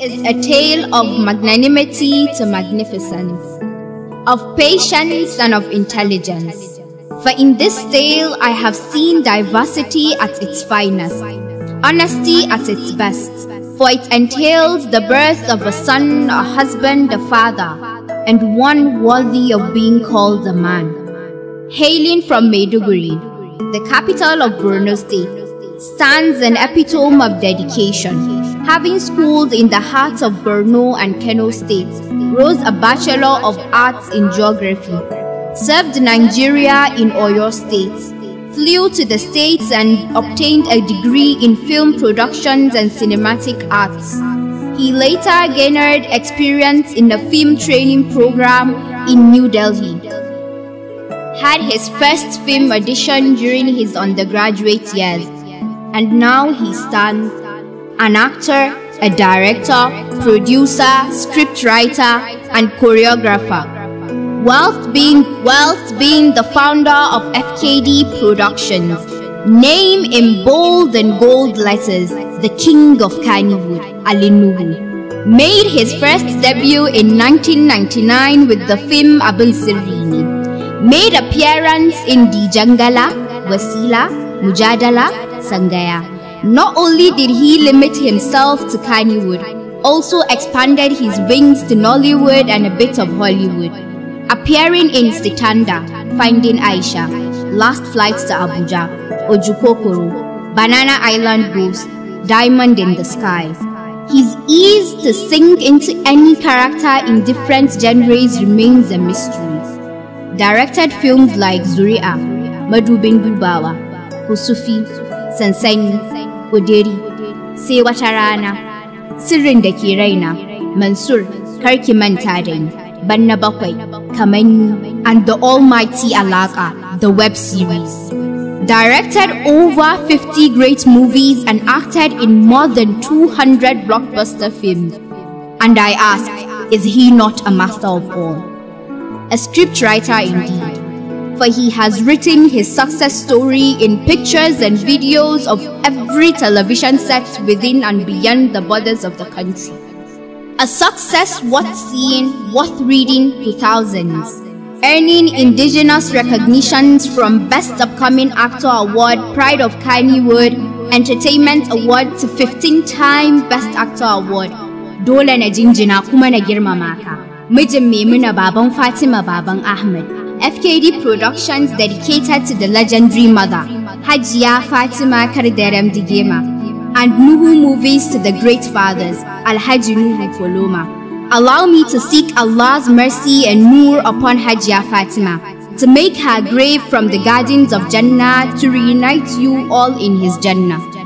is a tale of magnanimity to magnificence, of patience and of intelligence. For in this tale I have seen diversity at its finest, honesty at its best, for it entails the birth of a son, a husband, a father, and one worthy of being called a man. Hailing from Maiduguri, the capital of Borno State, stands an epitome of dedication. Having schooled in the hearts of Borno and Kano states, rose a Bachelor of Arts in Geography, served Nigeria in Oyo states, flew to the States and obtained a degree in film productions and cinematic arts. He later garnered experience in the film training program in New Delhi. Had his first film audition during his undergraduate years and now he stands an actor, a director, producer, scriptwriter, and choreographer. Whilst being whilst being the founder of FKD Productions. Name in bold and gold letters, the King of Kannywood, Alinubu. Made his first debut in 1999 with the film Abun Sirini. Made appearance in Dijangala, Wasila, Mujadala Sangaya. Not only did he limit himself to Kannywood, also expanded his wings to Nollywood and a bit of Hollywood. Appearing in Sitanda, Finding Aisha, Last Flights to Abuja, Ojukokoro, Banana Island Ghost, Diamond in the Sky. His ease to sink into any character in different genres remains a mystery. Directed films like Zuria, Madhubin Bubawa, kusufi, sansani, kudiri, sai wata rana, sirrin da ke raina, Mansur, karki manta da ni, banna bakwai, and the almighty alaka, the web series. Directed over 50 great movies and acted in more than 200 blockbuster films. And I ask, is he not a master of all? A scriptwriter indeed for he has written his success story in pictures and videos of every television set within and beyond the borders of the country. A success worth seeing, worth reading to thousands. Earning indigenous recognitions from Best Upcoming Actor Award, Pride of Kannywood, Entertainment Award to 15-time Best Actor Award. Dole na jinjina kuma na girmama Mijin Maimuna baban Fatima baban Ahmed. FKD Productions dedicated to the legendary mother, Hajia Fatima Karderem Digema, and Nuhu Movies to the great fathers, Alhaji Nuhu Koloma. Allow me to seek Allah's mercy and nur upon Hajia Fatima, to make her grave from the gardens of Jannah to reunite you all in his Jannah.